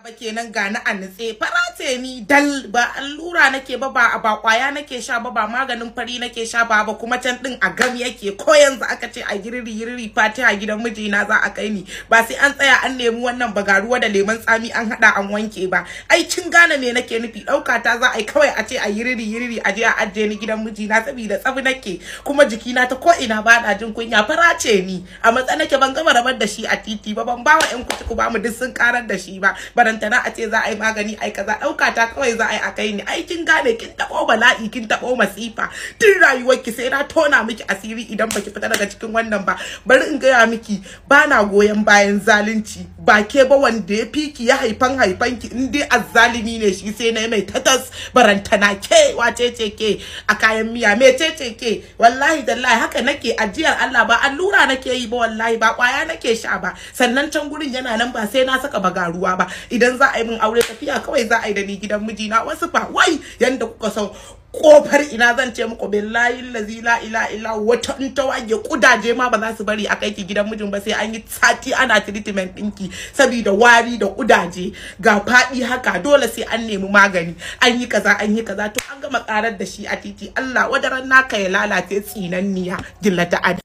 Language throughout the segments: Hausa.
ba kenan ga na nutse farate ni dal ba allura nake ba ba ba kwaya nake sha ba ba maganin fari nake sha ba ba kuma can din a gam yake ko yanzu aka ce a giriri giriri fatiha gidan mijina za a kai ni ba sai an tsaya an nemi wannan bagaruwa da lemon tsami an hada an wanke ba ai cin gane ne nake nufi dauka ta za a yi kawai a ce a giriri giriri a je a ajje ni gidan mijina saboda tsabi nake kuma jikina ta ko ina ba na jin kunya farace ni a matsa nake ban gama rabar da shi a titi ba ban ba wa yan kuci ku ba mu duk sun karar da shi ba na a ce za a yi magani ai kaza ɗauka ta kawai za a yi a kai ni ai kin gane kin tabo bala'i kin taɓo masifa tun rayuwarki sai na tona miki asiri idan baki fita daga cikin wannan ba bari in gaya miki ba na goyon bayan zalunci ba ke ba wanda ya fiki ya haifan haifan ki in dai azzalimi ne shi sai na mai tatas barantana ke wace ce ke a kayan miya me ce ce ke wallahi dallahi haka nake ajiyar Allah ba allura nake yi ba wallahi ba kwaya nake sha ba sannan can gurin yana nan ba sai na saka bagaruwa ba idan za a yi min aure tafiya kawai za a yi da ni gidan mijina wasu fa wai yanda kuka san kofar ina zan ce muku billahi lazi la ila ila wata in ta wage kudaje ma ba za su bari a kai ki gidan mijin ba sai an yi sati ana treatment dinki saboda wari da kudaje ga faɗi haka dole sai an nemi magani an yi kaza an yi kaza to an gama karar da shi a titi Allah wadaran naka ya lalace tsinanniya dillata ada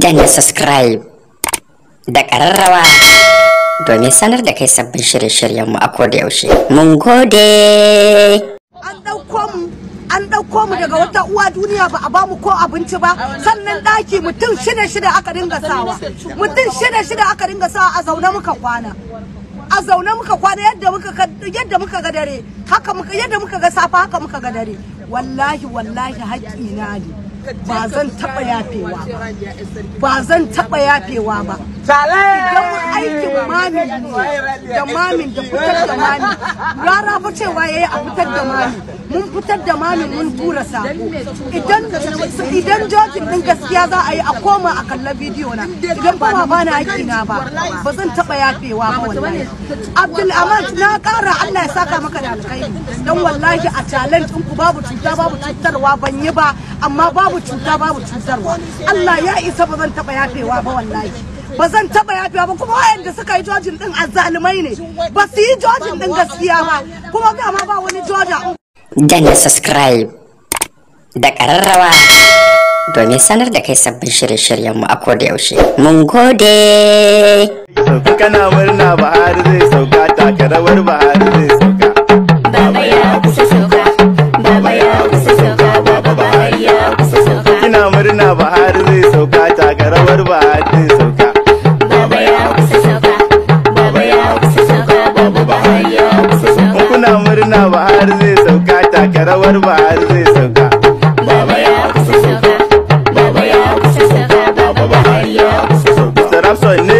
danna subscribe da ƙararrawa. domin sanar da kai sabbin shirye-shiryenmu a koda yaushe. Mun gode! An ɗauko mu an ɗauko mu daga wata uwa duniya ba a ba mu ko abinci ba sannan ɗaki mutum shida shida aka dinga sawa mutum shida shida aka dinga sawa a zaune muka kwana a zaune muka kwana yadda muka yadda muka ga dare haka muka yadda muka ga safa haka muka ga dare wallahi wallahi haƙƙi na ne ba zan taɓa yafewa ba zan taɓa yafewa ba idan aikin mami da mamin da fitar da mami rara fa cewa yayi a fitar da mami mun fitar da mami mun tura sako idan idan jojin din gaskiya za a yi a koma a kalla bidiyo na idan kuma ba na haƙi na ba ba zan taɓa yafewa ba wallahi abdul amat na ƙara allah ya saka maka da alkhairi dan wallahi a challenge ku babu cuta babu cutarwa ban yi ba amma babu babu cuta babu cutarwa Allah ya isa ba zan taba yafewa ba wallahi ba zan taba yafewa ba kuma wayanda suka yi jojin din azzalumai ne ba su yi jojin din gaskiya ba kuma ga ma ba wani joja danna subscribe da kararrawa domin sanar da kai sabbin shirye mu a koda yaushe mun gode kana murna har zai sauka takarawar ba murna Buhari zai sauka ta tagarawar Buhari zai sauka Baba ya kusa sauka Baba ya kusa sauka Baba Buhari ya kusa sauka kuna murna Buhari zai sauka ta tagarawar Buhari zai sauka Baba ya kusa sauka Baba ya kusa sauka Baba Buhari ya kusa sauka Sarafsa ne